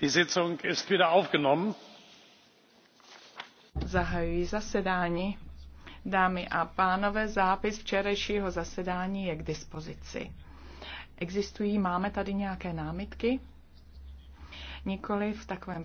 die sitzung ist wieder aufgenommen. zahajuji zasedání. dámy a pánové zápis včerejšího zasedání je k dispozici. existují máme tady nějaké námitky? nikoli v takovém